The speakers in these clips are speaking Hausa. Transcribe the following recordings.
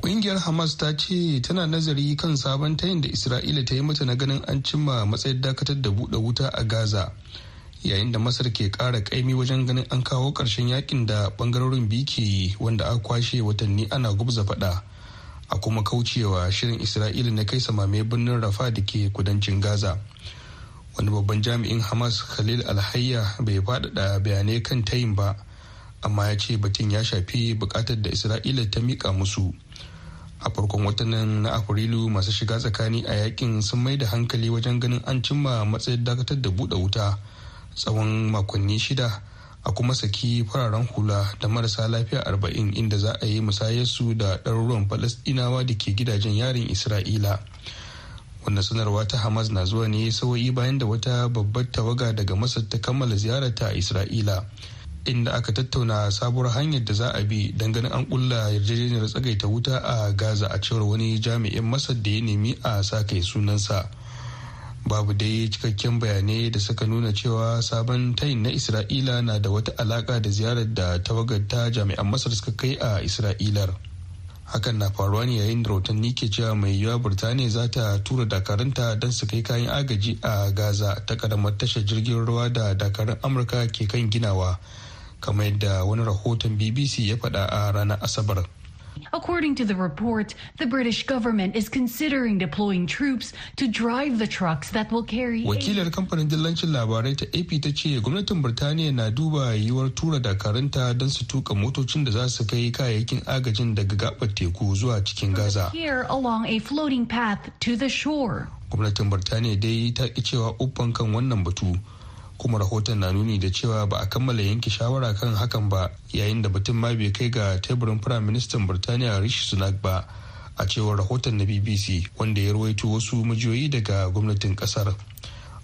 kungiyar Hamas ta ce tana nazari kan sabon tayin da Isra'ila ta yi mata na ganin an cimma matsayin dakatar da buɗe wuta a Gaza. Yayin da Masar ke kara kaimi wajen ganin an kawo ƙarshen yakin da bangarorin biyu ke yi wanda aka kwashe watanni ana gubza faɗa. A kuma kaucewa shirin Isra'ila na kai samame birnin Rafa da ke kudancin Gaza. wani babban jami'in hamas khalil alhayya bai faɗaɗa bayanai kan tayin ba amma ya ce batun ya shafi bukatar da isra'ila ta mika musu a farkon watannin na afrilu masu shiga tsakani a yakin sun mai da hankali wajen ganin an cimma matsayin dakatar da buɗe wuta tsawon makonni shida a kuma saki fararen hula da marasa lafiya arba'in inda za a yi musayarsu da ɗaruruwan falasɗinawa da ke gidajen yarin isra'ila wannan sanarwa ta hamas na zuwa ne sauyi bayan da wata babbar tawaga daga masar ta kammala ziyarar a isra'ila inda aka tattauna sabuwar hanyar da za a bi dangane an kulla yarjejeniyar tsagaita wuta a gaza a cewar wani jami'in masar da ya nemi a sa kai sunansa babu dai cikakken bayanai da suka nuna cewa sabon tayin na isra'ila na da wata alaka da ziyarar da ta jami'an masar suka kai a isra'ilar hakan na faruwa ne yayin da rahotanni ke cewa mai yiwuwa birtaniya za ta tura dakaranta don su kai kayan agaji a gaza ta karamar tashar jirgin ruwa da dakarun amurka ke kan ginawa kamar yadda wani rahoton bbc ya faɗa a ranar asabar According to the report, the British government is considering deploying troops to drive the trucks that will carry. Wakilar kamfanin dillancin labarai ta AP ta ce gwamnatin Birtaniya na duba yiwuwar tura dakaranta don su tuka motocin da za su kai kayayyakin agajin daga gabar teku zuwa cikin Gaza. Here along a floating path to the shore. Gwamnatin Birtaniya dai ta ki cewa uban kan wannan batu. kuma rahoton na nuni da cewa ba a kammala yanke shawara kan hakan ba yayin da batun ma bai kai ga teburin firayim ministan birtaniya rishi sunak ba a cewar rahoton na bbc wanda ya rawaito wasu majiyoyi daga gwamnatin kasar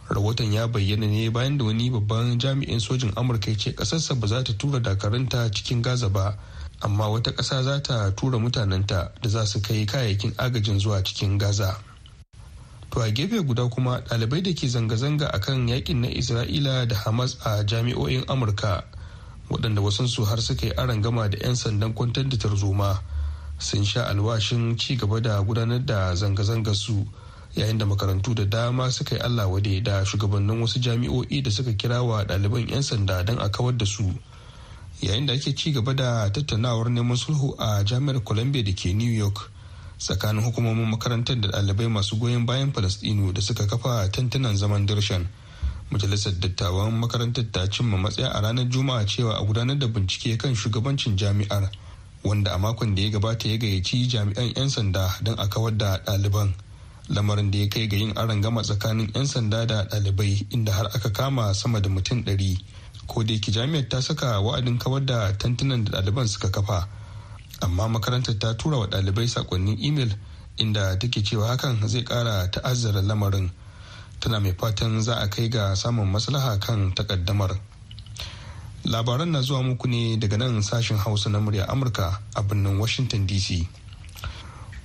rahoton ya bayyana ne bayan da wani babban jami'in sojin amurka ya ce kasarsa ba za ta tura dakaranta cikin gaza ba amma wata ƙasa za ta tura mutanenta da za su kai kayayyakin agajin zuwa cikin gaza to a gefe guda kuma dalibai da ke zanga-zanga a kan yakin na isra'ila da hamas a jami'o'in amurka waɗanda wasansu har suka yi gama da 'yan sandan kwantar da tarzoma sun sha alwashin ci gaba da gudanar da zanga-zangar su yayin da makarantu da dama suka yi allah wade da shugabannin wasu jami'o'i da suka kira wa ɗaliban 'yan sanda don a kawar da su yayin da ake ci gaba da tattaunawar neman sulhu a jami'ar columbia da ke new york tsakanin hukumomin makarantar da ɗalibai masu goyon bayan falastinu da suka kafa tantunan zaman dirshan majalisar dattawan makarantar ta cimma matsaya a ranar juma'a cewa a gudanar da bincike kan shugabancin jami'ar wanda a makon da ya gabata ya gayyaci jami'an 'yan sanda don a kawar da ɗaliban lamarin da ya kai ga yin aron gama tsakanin 'yan sanda da ɗalibai inda har aka kama sama da mutum ɗari ko da yake jami'ar ta saka wa'adin kawar da tantunan da ɗaliban suka kafa amma makarantar ta tura wa ɗalibai sakonnin imel inda take cewa hakan zai ƙara ta'azzara lamarin tana mai fatan za a kai ga samun maslaha kan takaddamar labaran na zuwa muku ne daga nan sashen hausa na murya amurka a birnin washington dc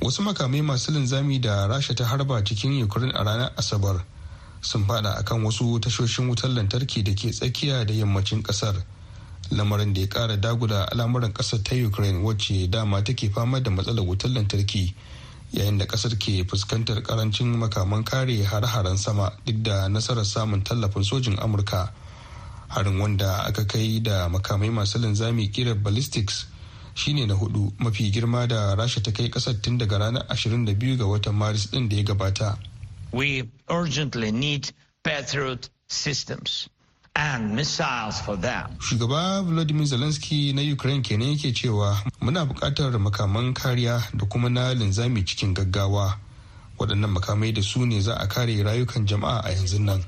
wasu makamai masu linzami da rasha ta harba cikin ukraine a ranar asabar sun fada akan wasu tashoshin wutar lantarki da ke tsakiya da yammacin kasar lamarin da ya kara dagula al'amuran kasar ta ukraine wacce dama take fama da matsalar wutar lantarki yayin da kasar ke fuskantar karancin makaman kare har-haren sama duk da nasarar samun tallafin sojin amurka harin wanda aka kai da makamai masu linzami kira ballistics shine na hudu mafi girma da rasha ta kai kasar tun daga ranar 22 ga watan maris din da ya gabata we urgently need patriot systems and missiles for them. Shugaba Volodymyr Zelensky na Ukraine kenan yake cewa muna buƙatar makaman kariya da kuma na linzami cikin gaggawa. Waɗannan makamai da su ne za a kare rayukan jama'a a yanzu nan.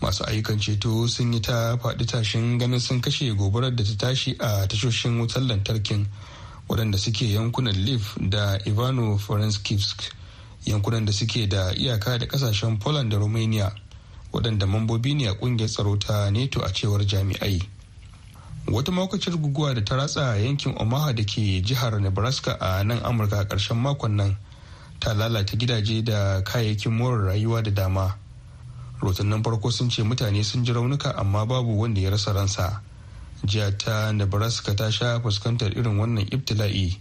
Masu ayyukan ceto sun yi ta faɗi tashin ganin sun kashe gobarar da ta tashi a tashoshin wutar lantarkin waɗanda suke yankunan leif da Ivano-Forenskivsk. yankunan da suke da iyaka da kasashen poland da romania waɗanda mambobi ne a ƙungiyar tsaro ta neto a cewar jami'ai wata makwacin guguwa da ta ratsa yankin omaha da ke jihar nebraska a nan amurka a ƙarshen makon nan ta lalata gidaje da kayayyakin more rayuwa da dama rotunan farko sun ce mutane sun ji raunuka amma babu wanda ya rasa ransa jiya ta nebraska ta sha fuskantar irin wannan ibtila'i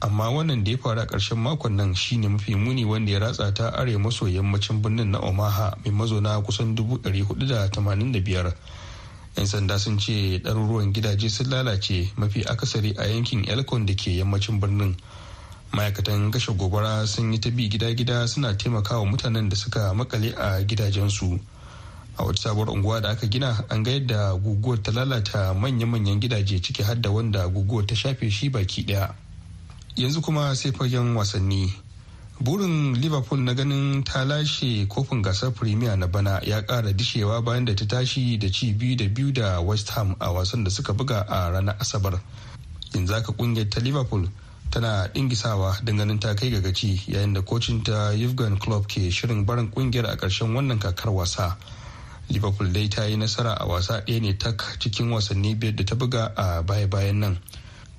amma wannan da ya faru a ƙarshen makon nan shine mafi muni wanda ya ratsa ta arewa maso yammacin birnin na omaha mai mazauna kusan 485 'yan sanda sun ce ɗaruruwan gidaje sun lalace mafi akasari a yankin elkon da ke yammacin birnin ma'aikatan kashe gobara sun yi ta bi gida-gida suna taimakawa mutanen da suka makale a gidajensu a wata sabuwar unguwa da aka gina an ga yadda guguwar ta lalata manya-manyan gidaje ciki har wanda guguwar ta shafe shi baki daya yanzu kuma sai fagen wasanni burin liverpool na ganin ta lashe kofin gasar premier na bana ya kara dishewa bayan da ta tashi da ci biyu da biyu da west ham a wasan da suka buga a ranar asabar yanzu aka kungiyar ta liverpool tana dingisawa ganin ta kai gaci yayin da kocin ta yufgan Klopp ke shirin barin kungiyar a karshen wannan kakar wasa. Liverpool dai ta yi nasara a wasa ɗaya ne tak cikin wasanni biyar da ta buga a baya-bayan nan.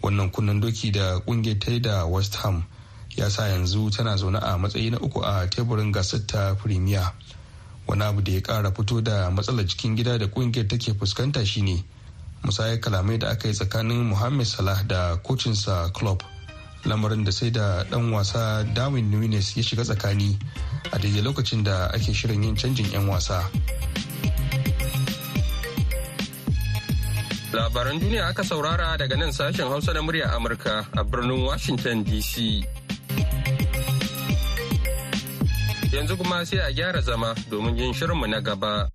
wannan kunnen doki da kungiyar ta da west ham ya sa yanzu tana zaune a matsayi na uku a teburin gasar ta premier wani abu da ya kara fito da matsalar cikin gida da kungiyar take fuskanta shine musayar kalamai da aka yi tsakanin mohamed salah da kocinsa club lamarin da sai da dan wasa darwin nunes ya shiga tsakani a daidai lokacin da ake shirin yin canjin 'yan wasa Labaran duniya aka saurara daga nan sashen Hausa na murya Amurka a birnin Washington DC. Yanzu kuma sai a gyara zama domin yin shirinmu na gaba.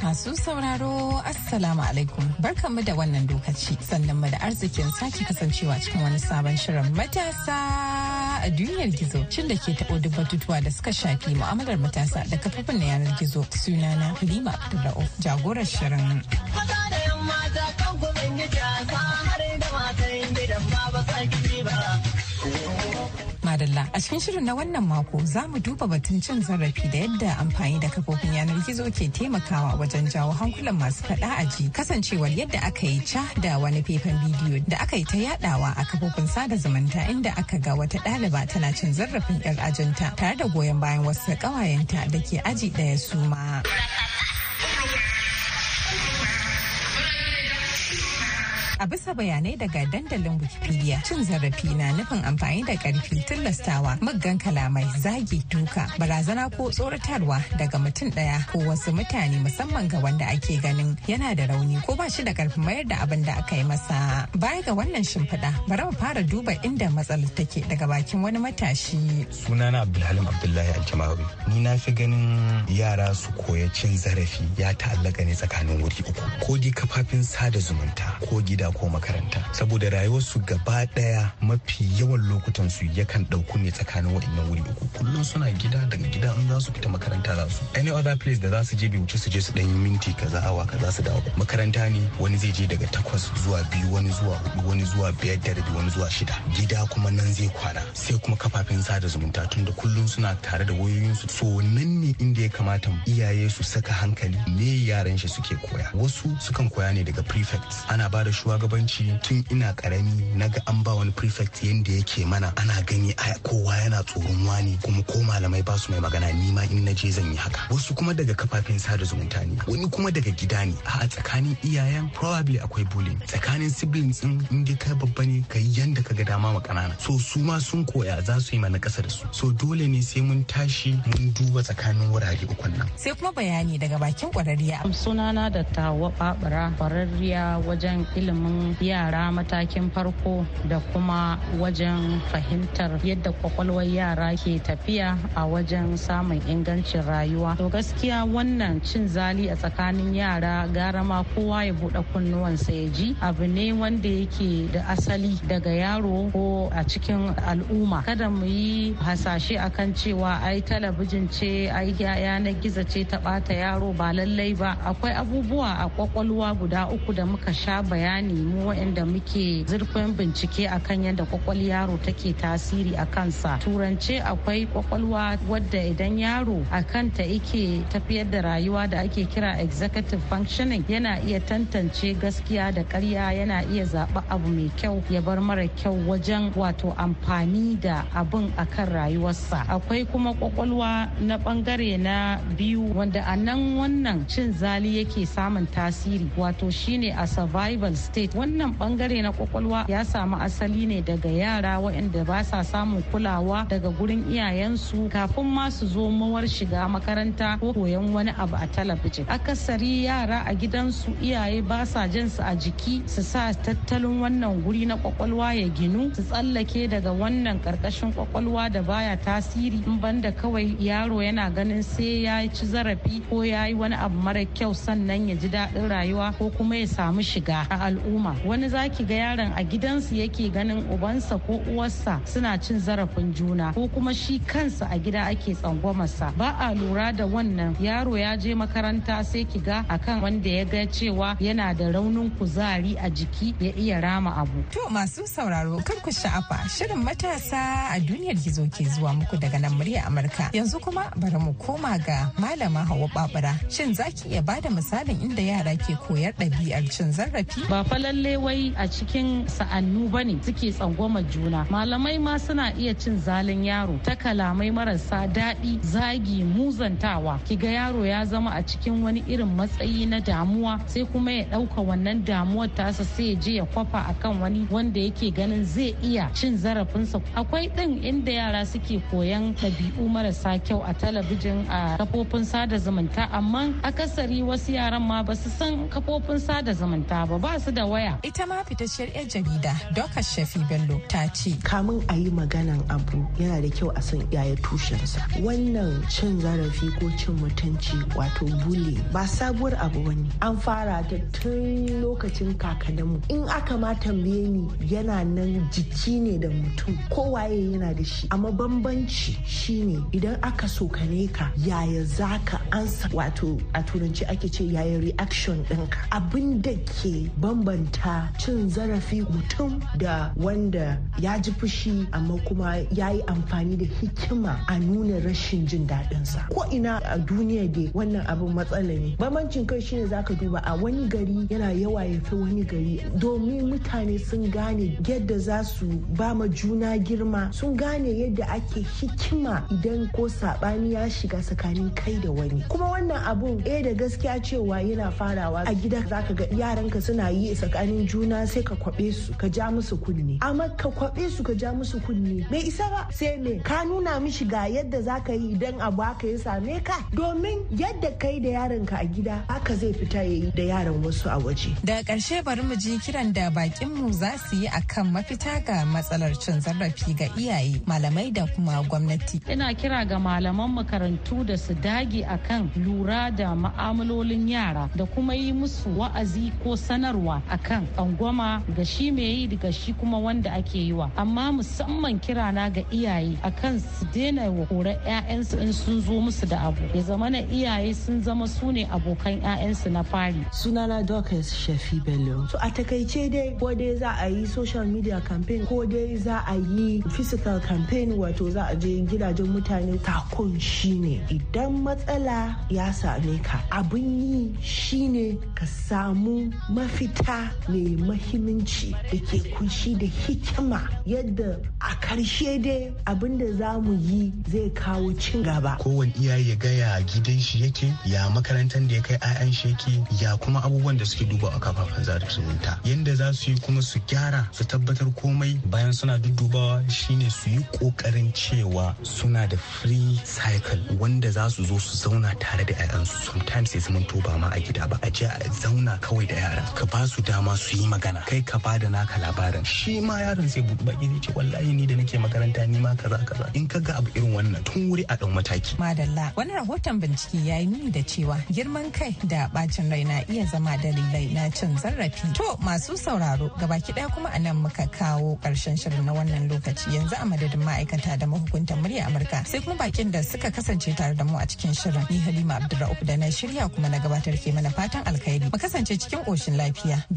Masu sauraro Assalamu alaikum barkanmu da wannan lokaci sannan mu da arzikin sake kasancewa cikin wani sabon shirin matasa a duniyar gizo shin da ke taɓo duk batutuwa da suka shafi mu'amalar matasa da kafafin na yanar gizo sunana lima Abdullahi jagorar shirin. Maza mata A cikin shirin na wannan mako za mu duba batun cin zarafi da yadda amfani da kafofin yanar gizo ke taimakawa wajen jawo hankulan masu faɗa a ji kasancewar yadda aka yi ca da wani faifan bidiyo da aka yi ta yadawa a kafofin sada zumunta inda aka ga wata ɗaliba tana cin zarafin 'yar ajinta tare da goyon bayan wasu ƙawayenta da ke aji ɗaya su ma. a bisa bayanai daga dandalin wikipedia cin zarafi na nufin amfani da karfi tilastawa muggan kalamai zagi duka barazana ko tsoratarwa daga mutum daya ko wasu mutane musamman ga wanda ake ganin yana da rauni ko ba shi da karfi mayar da abin da aka yi masa baya ga wannan shimfiɗa bari mu fara duba inda matsalar take daga bakin wani matashi sunana abdulhalim abdullahi aljamawi ni na fi ganin yara su koya cin zarafi ya ta'allaka ne tsakanin wuri uku ko dai kafafin sada zumunta ko gida ko makaranta saboda rayuwarsu gaba daya mafi yawan lokutan su yakan dauku ne tsakanin waɗannan wuri uku kullum suna gida daga gida in za su fita makaranta za su any other place da za su je bi wuce su je su yi minti kaza awa kaza su dawo makaranta ne wani zai je daga takwas zuwa biyu wani zuwa hudu wani zuwa biyar da rabi wani zuwa shida gida kuma nan zai kwana sai kuma kafafen sada zumunta tun da kullum suna tare da wayoyinsu so nan ne inda ya kamata iyaye su saka hankali me yaran shi suke koya wasu sukan koya ne daga prefects ana ba da shuwa shugabanci tun ina karami na ga an ba wani prefect yadda yake mana ana gani kowa yana tsoron wani kuma ko malamai ba su mai magana ni ma in na je zan yi haka wasu kuma daga kafafen sada zumunta ne wani kuma daga gida ne a tsakanin iyayen probably akwai bullying tsakanin siblings din in kai babba ne kai yanda ga dama ma kanana so su ma sun koya za su yi mana kasa da su so dole ne sai mun tashi mun duba tsakanin wurare uku nan sai kuma bayani daga bakin kwararriya sunana da tawa babara kwararriya wajen ilimin ilimin yara matakin farko da kuma wajen fahimtar yadda kwakwalwar yara ke tafiya a wajen samun ingancin rayuwa to gaskiya wannan cin zali a tsakanin yara gara ma kowa ya buɗe kunnuwansa ya ji abu ne wanda yake da asali daga yaro ko a cikin al'umma kada mu yi hasashe akan cewa ai talabijin ce ai yanar gizo ce ta ɓata yaro ba lallai ba akwai abubuwa a kwakwalwa guda uku da muka sha bayani mu waɗanda muke zurfin bincike akan yadda kwakwal yaro take tasiri a kansa turance akwai kwakwalwa wadda idan yaro a kanta ike tafiyar da rayuwa da ake kira executive functioning yana iya tantance gaskiya da karya yana iya zaɓa abu mai kyau ya bar mara kyau wajen wato amfani da abin akan rayuwarsa akwai kuma kwakwalwa na bangare na biyu wanda a nan wannan cin zali yake samun tasiri wato shine a survival state wannan bangare na kwakwalwa ya samu asali ne daga yara waɗanda ba sa samun kulawa daga gurin iyayensu kafin ma su zo mawar shiga makaranta ko koyon wani abu a talabijin akasari yara a gidansu iyaye ba sa jin su a jiki su sa tattalin wannan guri na kwakwalwa ya ginu su tsallake daga wannan karkashin kwakwalwa da baya tasiri in banda kawai yaro yana ganin sai ya ci zarafi ko ya yi wani abu mara kyau sannan ya ji daɗin rayuwa ko kuma ya samu shiga a al'umma al'umma wani zaki ga yaron a gidansu yake ganin ubansa ko uwarsa suna cin zarafin juna ko kuma shi kansa a gida ake tsangwamarsa ba a lura da wannan yaro ya je makaranta sai ki ga akan wanda ya ga cewa yana da raunin kuzari a jiki ya iya rama abu to masu sauraro kar ku sha'afa shirin matasa a duniyar gizo ke zuwa muku daga nan murya amurka yanzu kuma bari mu koma ga malama hawa babura shin zaki iya bada misalin inda yara ke koyar ɗabi'ar cin zarafi ba lalle wai a cikin sa'annu bane suke tsangwama juna malamai ma suna iya cin zalin yaro ta kalamai marasa daɗi zagi muzantawa ki ga yaro ya zama a cikin wani irin matsayi na damuwa sai kuma ya ɗauka wannan damuwar tasa sai ya je ya kwafa akan wani wanda yake ganin zai iya cin zarafinsa akwai ɗin inda yara suke koyan ɗabi'u marasa kyau a talabijin a kafofin sada zumunta amma akasari wasu yaran ma ba su san kafofin sada zumunta ba ba su da waya. Ita ma fitacciyar 'yar jarida Dokar Shafi Bello ta ce. Kamun a yi maganan abu yana da kyau a san yaya tushensa. Wannan cin zarafi ko cin mutunci wato bule ba sabuwar abu wani. An fara ta tun lokacin kakanninmu. In aka ma tambaye ni yana nan jiki ne da mutum kowaye yana da shi. Amma bambanci shine idan aka so ka yaya zaka ansa wato a turanci ake ce yaya reaction ɗinka. Abin da ke bambanta kwatanta cin zarafi mutum da wanda ya ji fushi amma kuma ya yi amfani da hikima a nuna rashin jin daɗinsa ko ina a duniya dai wannan abin matsala ne bambancin kai shine ka duba a wani gari yana yawa ya fi wani gari domin mutane sun gane yadda za su ba ma juna girma sun gane yadda ake hikima idan ko saɓani ya shiga tsakanin kai da wani kuma wannan abun ɗaya eh, da gaskiya cewa yana farawa a gida za ka ga yaranka suna yi tsakanin juna sai ka kwabe su ka ja musu kunne amma ka kwabe su ka ja musu kunne bai isa ba sai me ka nuna mishi ga yadda za ka yi idan abu aka ya same ka domin yadda kai da yaron ka a gida haka zai fita yayi da yaran wasu a waje daga karshe bari mu ji kiran da bakin mu za su yi akan mafita ga matsalar cin zarafi ga iyaye malamai da kuma gwamnati ina kira ga malaman makarantu da su dage akan lura da ma'amalolin yara da kuma yi musu wa'azi ko sanarwa a akan tsangwama ga shi mai yi daga shi kuma wanda ake yi wa amma musamman kirana ga iyaye akan su daina wa kora 'ya'yansu in sun zo musu da abu ya zama na iyaye sun zama su ne abokan 'ya'yansu na fari sunana dorcas shafi bello to a takaice dai ko dai za a yi social media campaign ko dai za a yi physical campaign wato za a je gidajen mutane takon shine idan matsala ya same ka abin yi shine ka samu mafita mai mahimmanci da ke kunshi da hikima yadda a karshe dai abin da za mu yi zai kawo cin gaba. Kowane iyaye ya gaya gidan shi yake ya makarantar da ya kai 'a'yan shi ya kuma abubuwan da suke duba a kafafen sada zumunta. Yadda za su yi kuma su gyara su tabbatar komai bayan suna duddubawa shine su yi kokarin cewa suna da free cycle wanda za su zo su zauna tare da 'ya'yansu sometimes sai zaman to ba ma a gida ba a je a zauna kawai da yara ka ba su dama dama su yi magana kai ka bada naka labarin shi ma yaron sai buɗe baki zai ce wallahi ni da nake makaranta ni ma kaza kaza in ka ga abu irin wannan tun wuri a ɗan mataki. madalla wani rahoton bincike ya yi nuni da cewa girman kai da bacin rai na iya zama dalilai na cin zarafi to masu sauraro gabaki ɗaya kuma a nan muka kawo ƙarshen shirin na wannan lokaci yanzu a madadin ma'aikata da mahukuntan murya amurka sai kuma bakin da suka kasance tare da mu a cikin shirin ni halima abdulra'uf da na shirya kuma na gabatar ke mana fatan alkhairi mu kasance cikin ƙoshin lafiya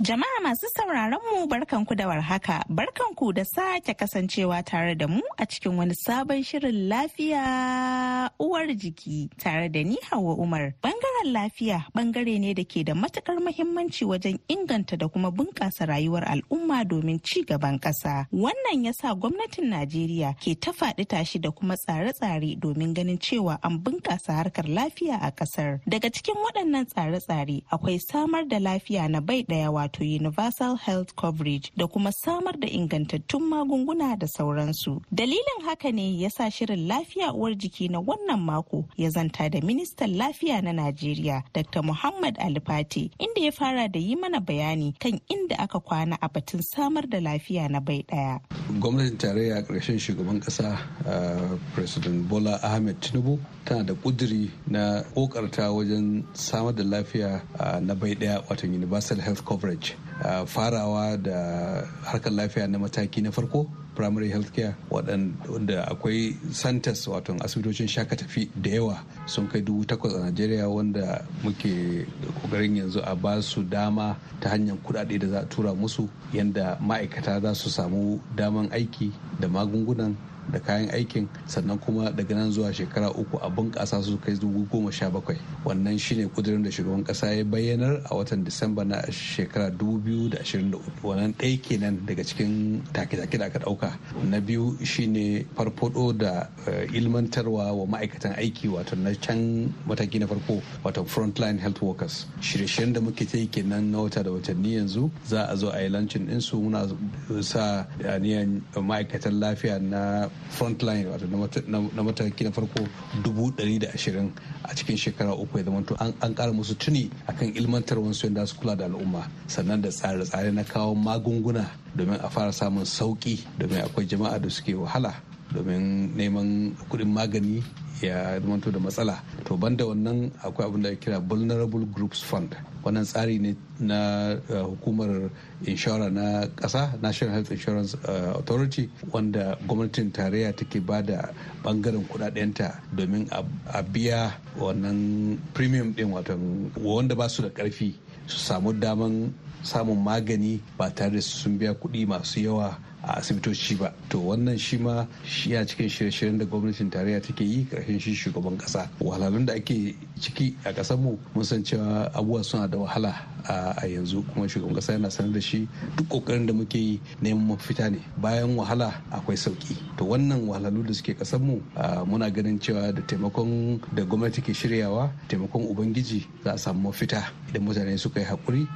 Jama'a masu sauraron mu barkanku da warhaka, barkanku da sake kasancewa tare da mu a cikin wani sabon shirin lafiya uwar jiki tare da ni Hauwa Umar. Bangaren lafiya bangare ne da ke da matukar muhimmanci wajen inganta da kuma bunƙasa rayuwar al'umma domin ci gaban ƙasa. Wannan ya sa gwamnatin Najeriya ke ta faɗi tashi da kuma tsare-tsare domin ganin cewa an bunƙasa harkar lafiya a ƙasar. Daga cikin waɗannan tsare-tsare akwai samar da lafiya na bai ɗaya wato universal health coverage da kuma samar da ingantattun magunguna da sauransu dalilin haka ne ya sa shirin lafiya uwar jiki na wannan mako ya zanta da ministan lafiya na najeriya dr muhammad alifati inda ya fara da yi mana bayani kan inda aka kwana a batun samar da lafiya na bai daya gwamnatin tarayya ƙarshen shugaban ƙasa president bola ahmed tinubu tana da kuduri na kokarta wajen samar da lafiya na bai daya wato universal health coverage research farawa da harkar lafiya na mataki na farko primary health care waɗanda akwai santas wato asibitocin shaka da yawa sun kai dubu takwas a nigeria wanda muke kokarin yanzu a ba su dama ta hanyar kuɗaɗe da za a tura musu yadda ma'aikata za su samu daman aiki da magungunan da kayan aikin sannan kuma daga nan zuwa shekara uku a bunƙasa su kai dubu goma sha bakwai wannan shine kudirin da shugaban ƙasa ya bayyanar a watan disamba na shekara dubu biyu da ashirin da uku wannan ɗaya kenan daga cikin take-take da aka ɗauka na biyu shine farfado da eh, ilmantarwa wa ma'aikatan aiki wato na can mataki na farko wato frontline health workers shirye-shiryen da muke ta yi kenan na wata da watanni yanzu za a zo a yi lancin ɗinsu muna sa aniyan eh, ma'aikatan lafiya na frontline wato na mataki na farko dubu ɗari da ashirin a cikin shekara uku ya zama an kara musu tuni akan ilmantar wasu yadda su kula da al'umma sannan da tsare-tsare na kawo magunguna domin a fara samun sauki domin akwai jama'a da suke wahala domin neman kuɗin magani ya zamanto da matsala to banda wannan akwai abin da kira vulnerable groups fund wannan tsari ne na eh, hukumar inshora na ƙasa national health insurance eh, authority wanda gwamnatin tarayya take ba da bangaren kudadenta domin a biya wannan premium din wato wanda ba su da karfi su samu daman samun magani ba tare da sun biya kuɗi masu yawa a asibitoci ba to wannan shi ma shi a cikin shirye-shiryen da gwamnatin tarayya take yi karshen shi shugaban kasa wahalhalun da ake ciki a kasar mu mun san cewa abubuwa suna da wahala a yanzu kuma shugaban kasa yana sanar da shi duk kokarin da muke yi neman mafita ne bayan wahala akwai sauki to wannan wahalhalu da suke kasar mu muna ganin cewa da taimakon da gwamnati ke shiryawa taimakon ubangiji za a samu mafita idan mutane suka yi hakuri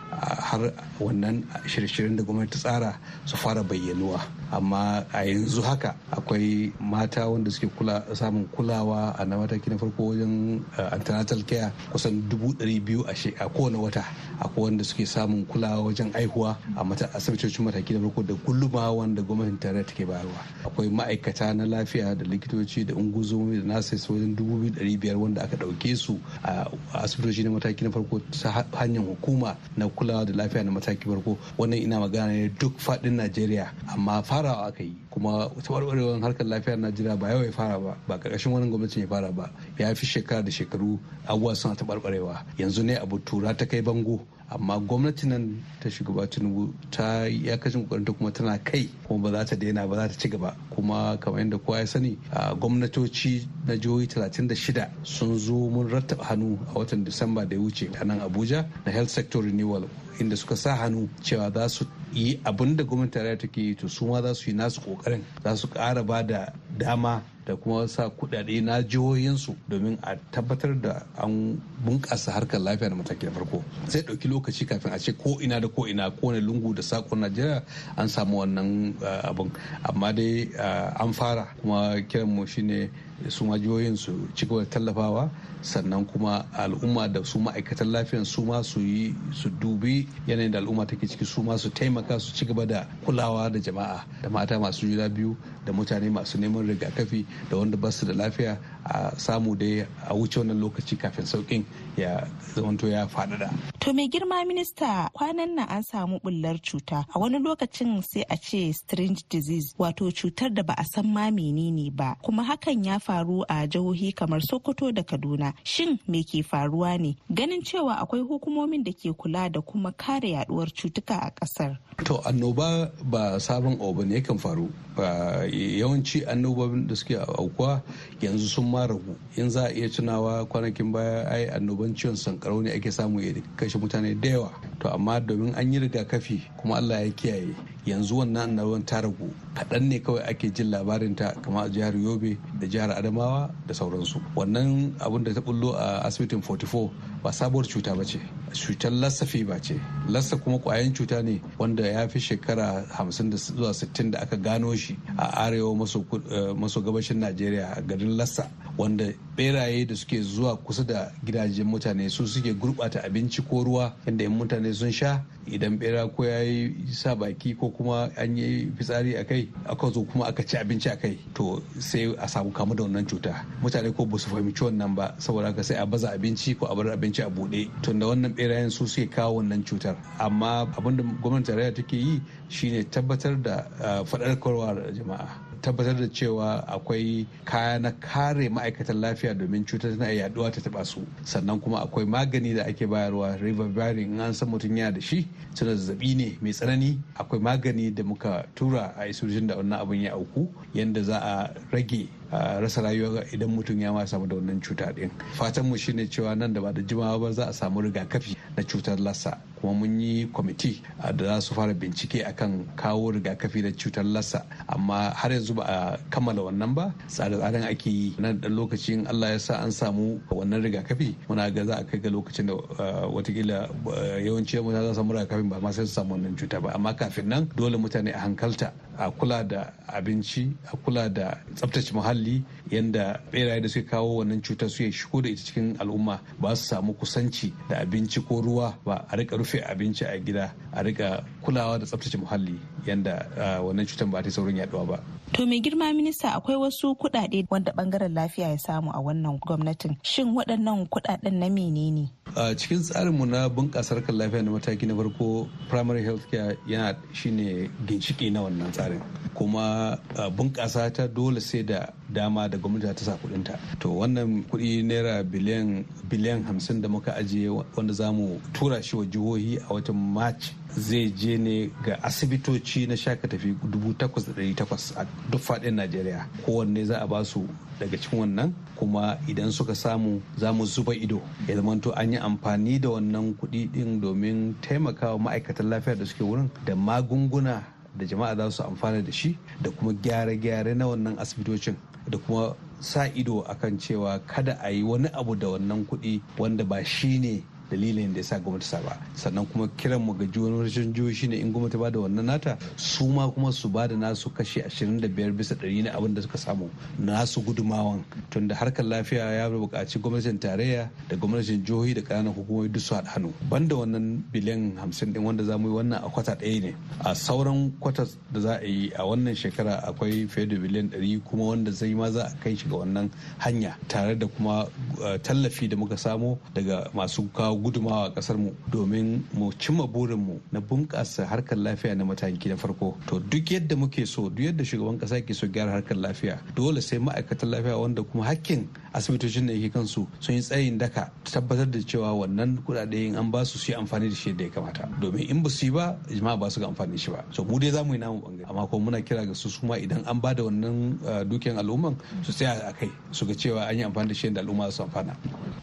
har wannan shirye-shiryen da gwamnati tsara su fara bayyanuwa amma a yanzu haka akwai mata wanda suke samun kulawa a na mataki na farko wajen eh, antenatal care kusan dubu ɗari biyu a kowane wata akwai wanda suke samun kulawa wajen aihuwa a asibitocin mataki na farko da kulluma wanda gwamnatin tarayya take bayarwa akwai ma'aikata na lafiya da likitoci da unguzomi da nurses wajen dubu biyu ɗari biyar wanda aka ɗauke su a asibitoci na mataki na farko ta hanyar hukuma na kulawa da lafiya na mataki farko wannan ina magana ne duk faɗin najeriya amma farawa aka yi kuma tawarwarewar harkar lafiyar najeriya ba yawai fara ba ba karkashin wani gwamnati ya fara ba ya fi shekara da shekaru abubuwa suna taɓarɓarewa yanzu ne abu tura ta kai bango amma gwamnati nan ta shugaba tinubu ta ya kashe kokarinta kuma tana kai kuma ba za ta daina ba za ta ci gaba kuma kamar yadda kowa ya sani gwamnatoci na jihohi talatin da shida sun zo mun rattaba hannu a watan disamba da ya wuce a nan abuja na health sector renewal inda suka sa hannu cewa za su yi abin da gwamnati tarayya take yi to su ma za su yi nasu kokarin za su kara ba da dama da kuma sa kudade na jihohinsu domin a tabbatar da an bunkasa harkar lafiya da mataki da farko sai dauki lokaci kafin a ce ko ina da ko ina ko lungu da sakon najeriya an samu wannan eh, abin amma dai eh, an fara kuma kiran mu shine su ma jihohin su ci gaba da tallafawa sannan kuma al'umma da su ma'aikatan lafiyan su ma su yi su dubi yanayin da al'umma take ciki su ma su taimaka su ci gaba da kulawa da jama'a da mata masu juna biyu da mutane masu neman rigakafi da wanda ba su da lafiya a samu dai a wuce wannan lokaci kafin saukin ya zamanto ya faɗaɗa. To mai girma minista kwanan nan an samu bullar cuta a wani lokacin sai a ce strange disease wato cutar da ba a san ma menene ba kuma hakan ya faru a jihohi kamar Sokoto da Kaduna. Shin me ke faruwa ne? Ganin cewa akwai hukumomin da ke kula da kuma kare yaduwar cutuka a ƙasar. To annoba ba sabon obin ne yakan faru. Yawanci annoba da suke aukuwa yanzu sun ma ragu in za a iya tunawa kwanakin baya ai annoban ciwon sankarau ne ake samu ya kashe mutane da yawa to amma domin an yi rigakafi kuma allah ya kiyaye yanzu wannan annoban ta ragu kaɗan ne kawai ake jin labarin ta kama a jihar yobe da jihar adamawa da sauransu wannan abun da ta bullo a asibitin 44 ba sabuwar cuta ba ce cutar lasafi ba ce lasa kuma kwayan cuta ne wanda ya fi shekara 50 zuwa 60 da aka gano shi a arewa maso eh, gabashin najeriya a garin lassa wanda beraye da suke zuwa kusa da gidajen mutane su suke gurɓata abinci ko ruwa Inda yan mutane sun sha idan bera ko ya yi sa baki ko kuma an yi fitsari a kai aka zo kuma aka ci abinci a kai to sai a samu kamu da wannan cuta mutane ko ba su fahimci wannan ba saboda haka sai a baza abinci ko a bar abinci a buɗe tun da wannan berayen su suke kawo wannan cutar amma abinda gwamnati tarayya take yi shine tabbatar da ah, faɗarkarwa jama'a tabbatar da cewa akwai kaya na kare ma'aikatan lafiya domin cutar tana yaduwa ta taba su sannan kuma akwai magani da ake bayarwa valley in an san mutum yana da shi tana zazzabi ne mai tsanani akwai magani da muka tura a isurjin da wannan abin ya auku yanda za a rage rasa rayuwa idan mutum ya ma samu da wannan cuta din fatan mu shine cewa nan da ba da jimawa ba za a samu rigakafi na cutar lassa kuma mun yi kwamiti ah, da za su fara bincike akan kawo rigakafi da cutar lassa amma har yanzu ba a kammala wannan ba tsare-tsaren ake yi nan dan lokacin Allah ya sa an samu wannan rigakafi muna ga za a kai ga lokacin da ah, watakila ah, yawanci yamma za su samu rigakafin ba ma sai su samu wannan cuta ba amma kafin nan dole mutane a hankalta a kula da abinci a kula da tsaftace muhalli yanda beraye da suke kawo wannan cutar su ya shigo da ita cikin al'umma ba su samu kusanci da abinci ko ruwa ba a rika rufe rufe abinci a gida a rika kulawa da tsabtace muhalli yanda ah, wannan cutar ba ta saurin yaduwa ba To mai girma minista akwai wasu kuɗaɗe wanda bangaren lafiya ya samu a wannan gwamnatin. Shin waɗannan kuɗaɗen na menene? A ah, cikin tsarinmu na bunƙasar kan lafiya na mataki na farko primary health care yana shine ginshiki na wannan tsarin. Kuma ah, bunƙasa ta dole sai da dama da gwamnati ta sa ta To wannan kudi naira biliyan biliyan hamsin da muka ajiye wanda zamu tura shi wa jihohi a watan March zai je ne ga asibitoci na shaka tafi 8,800 a duk faɗin najeriya kowanne za a ba su daga cikin wannan kuma idan suka samu za mu zuba ido ya zamanto an yi amfani da wannan kuɗi ɗin domin taimakawa ma'aikatan lafiya da suke wurin da magunguna da jama'a za su amfana da shi da kuma gyare-gyare na wannan asibitocin da kuma sa ido akan cewa kada a yi wani abu da wannan kuɗi wanda ba shi ne dalilin da yasa gwamnati sa ba sannan kuma kiran mu ga jihohin jihohi shine in gwamnati ba da wannan nata su ma kuma su ba da nasu kashi 25 bisa 100 na abin da suka samu nasu gudumawan tunda harkar lafiya ya buƙaci gwamnatin tarayya da gwamnatin jihohi da ƙananan hukumomi duk su haɗa hannu banda wannan biliyan 50 din wanda za mu yi wannan a kwata ɗaya ne a sauran kwata da za a yi a wannan shekara akwai fiye da biliyan ɗari kuma wanda zai ma za a kai shi ga wannan hanya tare da kuma eh, tallafi da muka samu daga masu kawo gudumawa a kasar mu domin mu cimma burin mu na bunƙasa harkar lafiya na mataki na farko to duk yadda muke so duk yadda shugaban kasa ke so gyara harkar lafiya dole sai ma'aikatan lafiya wanda kuma hakkin asibitocin da yake kansu sun yi tsayin daka tabbatar da cewa wannan kuɗaɗe in an ba su su yi amfani da shi da ya kamata domin in ba su yi ba jama'a ba su ga amfani shi ba so mu dai mu yi namu bangare amma kuma muna kira ga su su ma idan an ba da wannan eh, dukiyan al'umman su tsaya a kai su ga cewa an yi amfani da shi da al'umma su amfana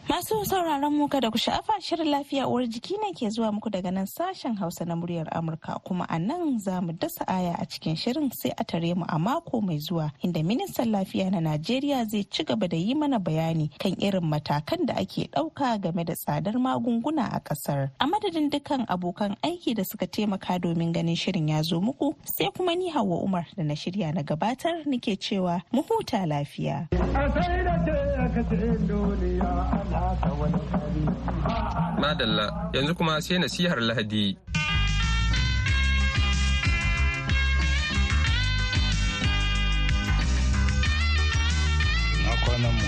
masu sauraron mu kada ku sha'afa Shirin lafiya uwar jiki ne ke zuwa muku daga nan sashen Hausa na muryar Amurka kuma a nan za mu dasa aya a cikin shirin sai a tare mu a mako mai zuwa inda ministan lafiya na Najeriya zai ci gaba da yi mana bayani kan irin matakan da ake ɗauka game da tsadar magunguna a ƙasar. A madadin dukkan abokan aiki da suka taimaka domin ganin shirin ya zo muku sai kuma ni Hauwa Umar da na shirya na gabatar nake cewa mu huta lafiya. A Madalla yanzu kuma sai nasihar Lahadi. Na kwanan mu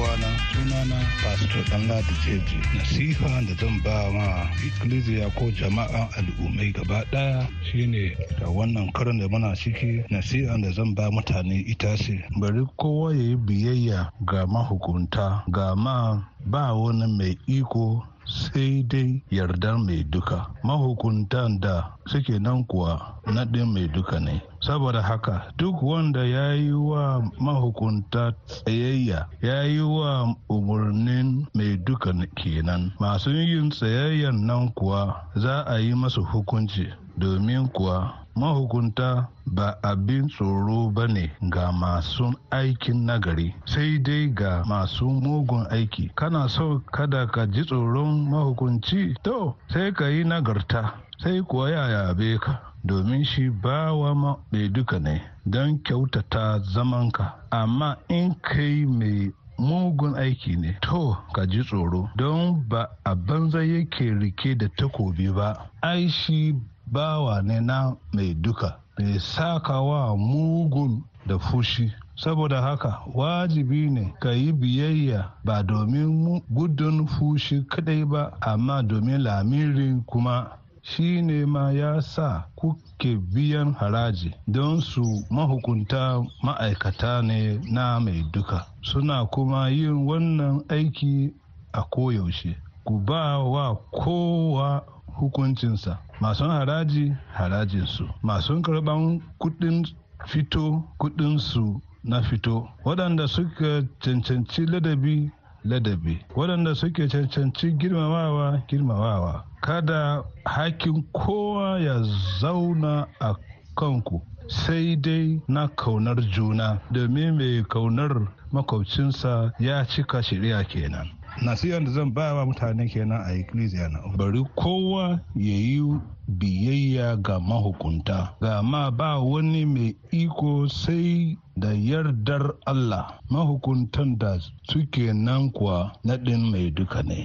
uwana sunana pastor Danladi Jeji nasiha da zan ba ma ikkilisiya ko jama'an al'ummai gaba daya shine da wannan karin da muna ciki nasiha da zan ba mutane ita ce bari kowa ya yi biyayya ga mahukunta ga ma ba wani mai iko sai dai yardar mai duka mahukuntan da suke nan kuwa naɗin mai duka ne saboda haka duk wanda ya yi wa mahukunta tsayayya ya yi wa umarnin mai duka kenan masu yin tsayayyan nan kuwa za a yi masu hukunci domin kuwa mahukunta ba abin tsoro ba ne ga masu aikin nagari sai dai ga masu mugun aiki kana so kada ka ji tsoron mahukunci to sai ka yi nagarta sai kuwa yaya ka domin shi bawa mai duka ne don kyautata zamanka amma in kai mai mugun aiki ne to ka ji tsoro don ba a banza yake rike da takobi ba ai shi bawa ne na mai duka mai sakawa mugun da fushi saboda haka wajibi ne ka yi biyayya ba domin gudun fushi kadai ba amma domin lamirin kuma shi ne ma ya sa kuke biyan haraji don su mahukunta ma'aikata ne na mai duka suna kuma yin wannan aiki a koyaushe ku ba wa kowa hukuncinsa masu haraji harajinsu masu karban kudin fito su na fito waɗanda suka cancanci ladabi ladabi waɗanda suke cancanci girmamawa girmamawa kada hakin kowa ya zauna a kanku sai dai na kaunar juna domin mai kaunar makwabcinsa ya cika shari'a kenan nasiyan da zan bayawa mutane kenan a ecclesia na bari kowa ya yi biyayya ga mahukunta ga ma ba wani mai iko sai da yardar Allah mahukuntan da suke nan kuwa naɗin mai duka ne.